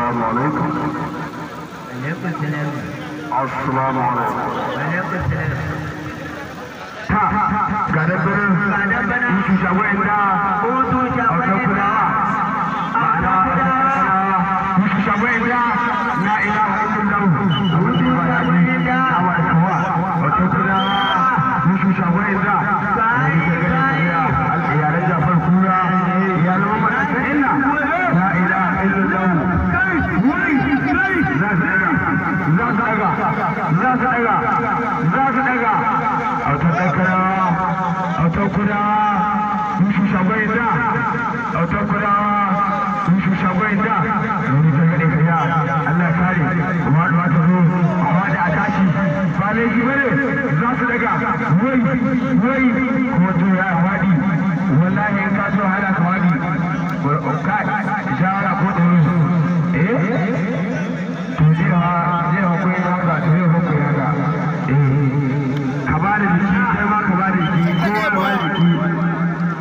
Esselamu Aleyküm. Aleyküm selam. Esselamu Aleyküm. Aleyküm selam. Ta, garibinin ilk cevabında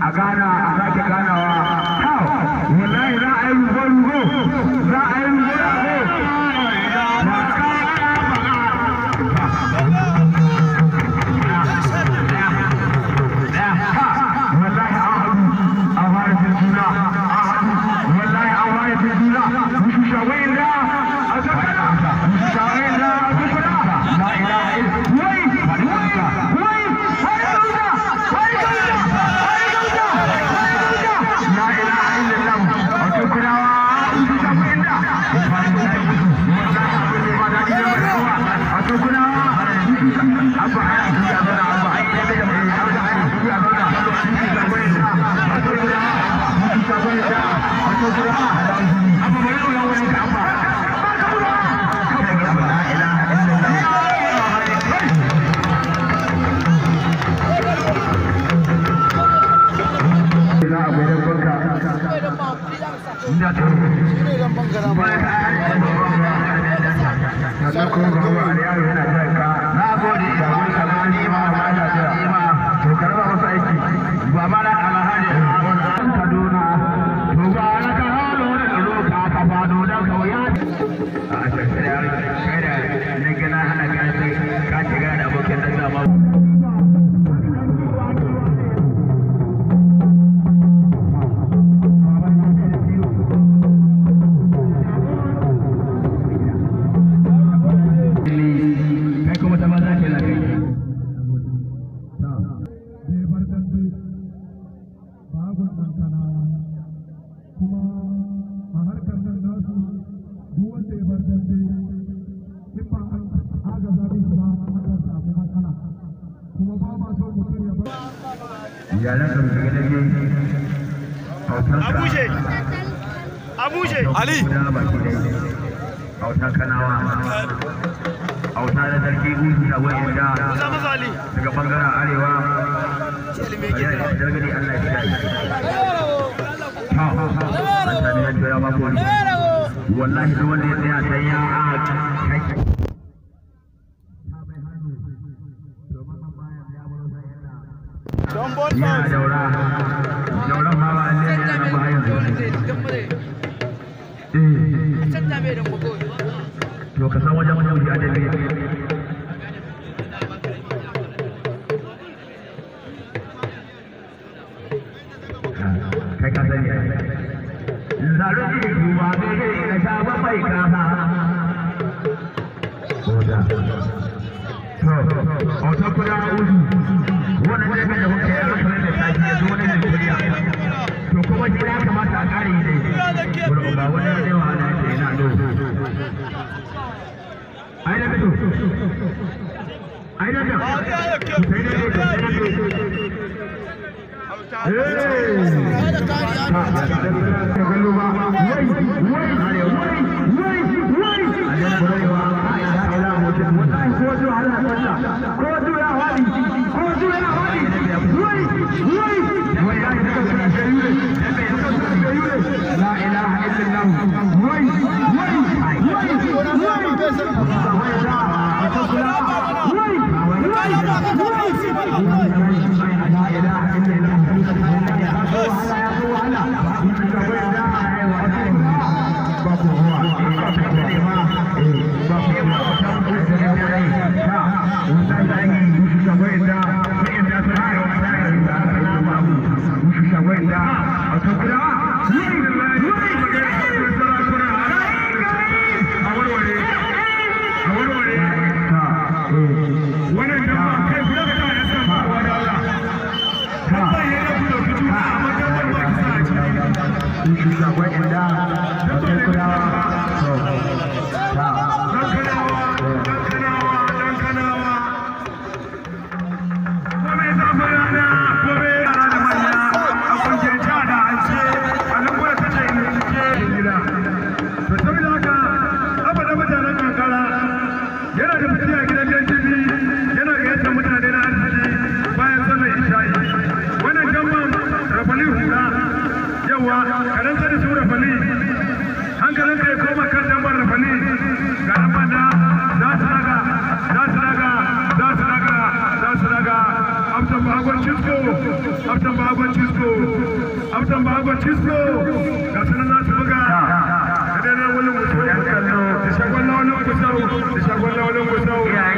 a gana a sake ganawa Thank you. abuje abuje ali auta allah ya tsaya ya daura daura ma ba ne ya na ba yanzu to ka san wajen wajen ya dabe kai ka sani zaru ji duba bai ne ka sha ba bai ka ha ko da to auta kuda uzu wannan daidai da muka yi a rafarar da safi ya zo na Najeriya to kuma shi ya kamata a ƙara yi daidai wurin ba wannan zai wahala ya ce Wait, wait, wait. Yo soy Francisco ga sunan buga da wani mutum da shagwalla wani gusau da shagwalla wani gusau